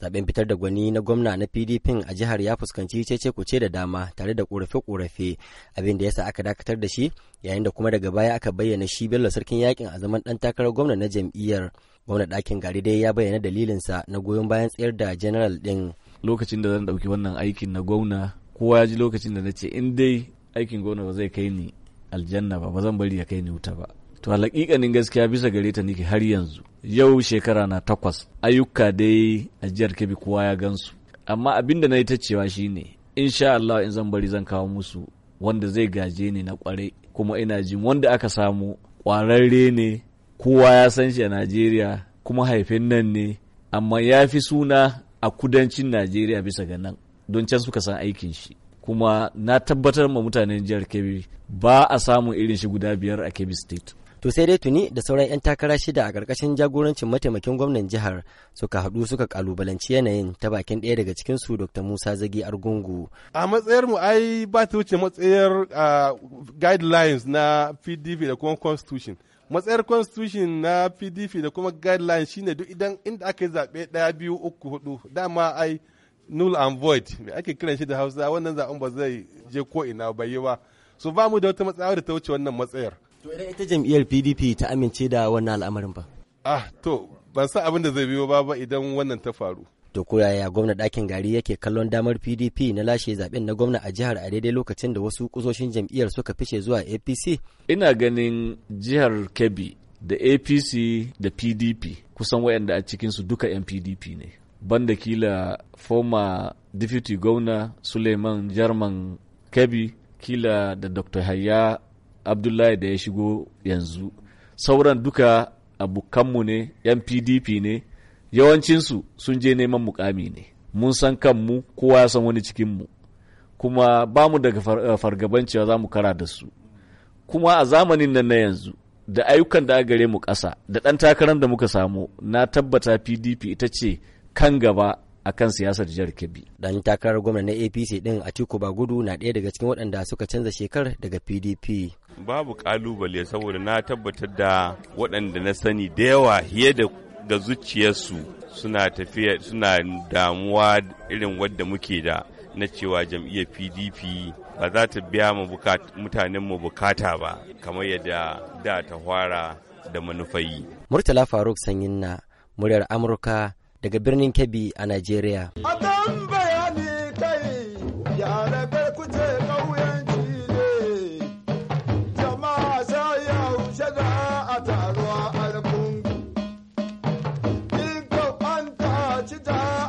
zaben fitar da gwani na gwamna na pdp a jihar ya fuskanci cece kuce da dama tare da korafe-korafe abin da yasa aka dakatar da shi yayin da kuma daga baya aka bayyana shi bello sarkin yakin a zaman dan takarar gwamna na jam'iyyar gwamna ɗakin gari dai ya bayyana dalilinsa na goyon bayan tsayar da general din lokacin da zan ɗauki wannan aikin na gwamna kowa ya ji lokacin da na ce in dai aikin gwamna ba zai kai ni aljanna ba ba zan bari ya kai ni wuta ba to halakikanin gaskiya bisa gare ta niki har yanzu yau shekara na takwas ayyuka dai a jihar kebbi kowa ya gansu amma abin da na yi ta cewa shine insha Allah in zan bari zan kawo musu wanda zai gaje ni na kware kuma ina jin wanda aka samu kwararre ne kowa ya san shi a Najeriya kuma haifin nan ne amma ya fi suna a kudancin Najeriya bisa ga nan don can suka san aikin shi kuma na tabbatar ma mutanen jihar Kebbi ba a samun irin shi guda biyar a Kebbi State To sai dai tuni da sauran 'yan takara shida a ƙarƙashin jagorancin mataimakin gwamnan jihar suka haɗu suka kalubalanci yanayin ta bakin ɗaya daga cikinsu Dr. Musa Zagi Argungu. A matsayar mu ai ba ta wuce matsayar guidelines na PDP da kuma constitution. Matsayar constitution na PDP da kuma guidelines shine duk idan inda aka yi zaɓe ɗaya biyu uku hudu dama ai null and void mai ake kiran shi da hausa wannan zaɓen ba zai je ko ina bai yi ba. su ba mu da wata matsayar da ta wuce wannan matsayar. to idan ita jam'iyyar pdp ta amince da wannan al'amarin ba ah to ban san abin da zai biyo ba ba idan wannan ta faru to ko yaya gwamna ɗakin gari yake kallon damar pdp na lashe zaɓen na gwamna a jihar a daidai lokacin da wasu kusoshin jam'iyyar suka fice zuwa apc ina ganin jihar kebbi da apc da pdp kusan wayanda a cikinsu duka yan pdp ne banda kila former deputy gwamna suleiman jarman kebbi kila da dr hayya abdullahi da ya shigo yanzu sauran duka abokanmu ne yan pdp ne yawancinsu sun je neman mukami ne mun san kanmu kowa ya san wani cikinmu kuma ba mu daga eh, fargaban cewa za mu kara da su kuma a zamanin nan na yanzu da ayyukan da gare mu ƙasa da ɗan takarar da muka samu na tabbata pdp ita ce kan gaba a kan siyasar jihar kebbi ɗan takarar gwamna na apc ɗin atiku bagudu na ɗaya daga cikin waɗanda suka canza shekar daga pdp Babu kalubale saboda na tabbatar da waɗanda na sani da yawa fiye da ga zuciyarsu suna tafiya suna damuwa irin wadda muke da na cewa jam'iyyar PDP ba za ta biya mutanen bukata ba kamar yadda da ta fara da manufai Murtala Faruk Sanyin na muryar Amurka daga birnin Kebbi a Najeriya.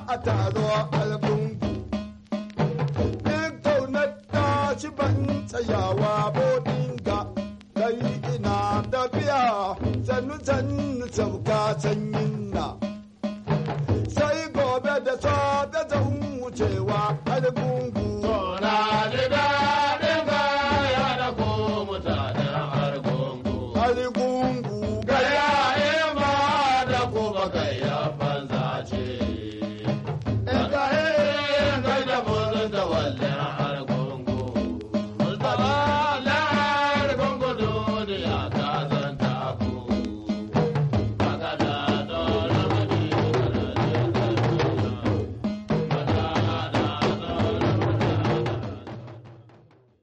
za a taro albungu in kaunar ban tsayawa bodinga dai ina tafiya sannu sai gobe da ya wucewa albungu Thank you.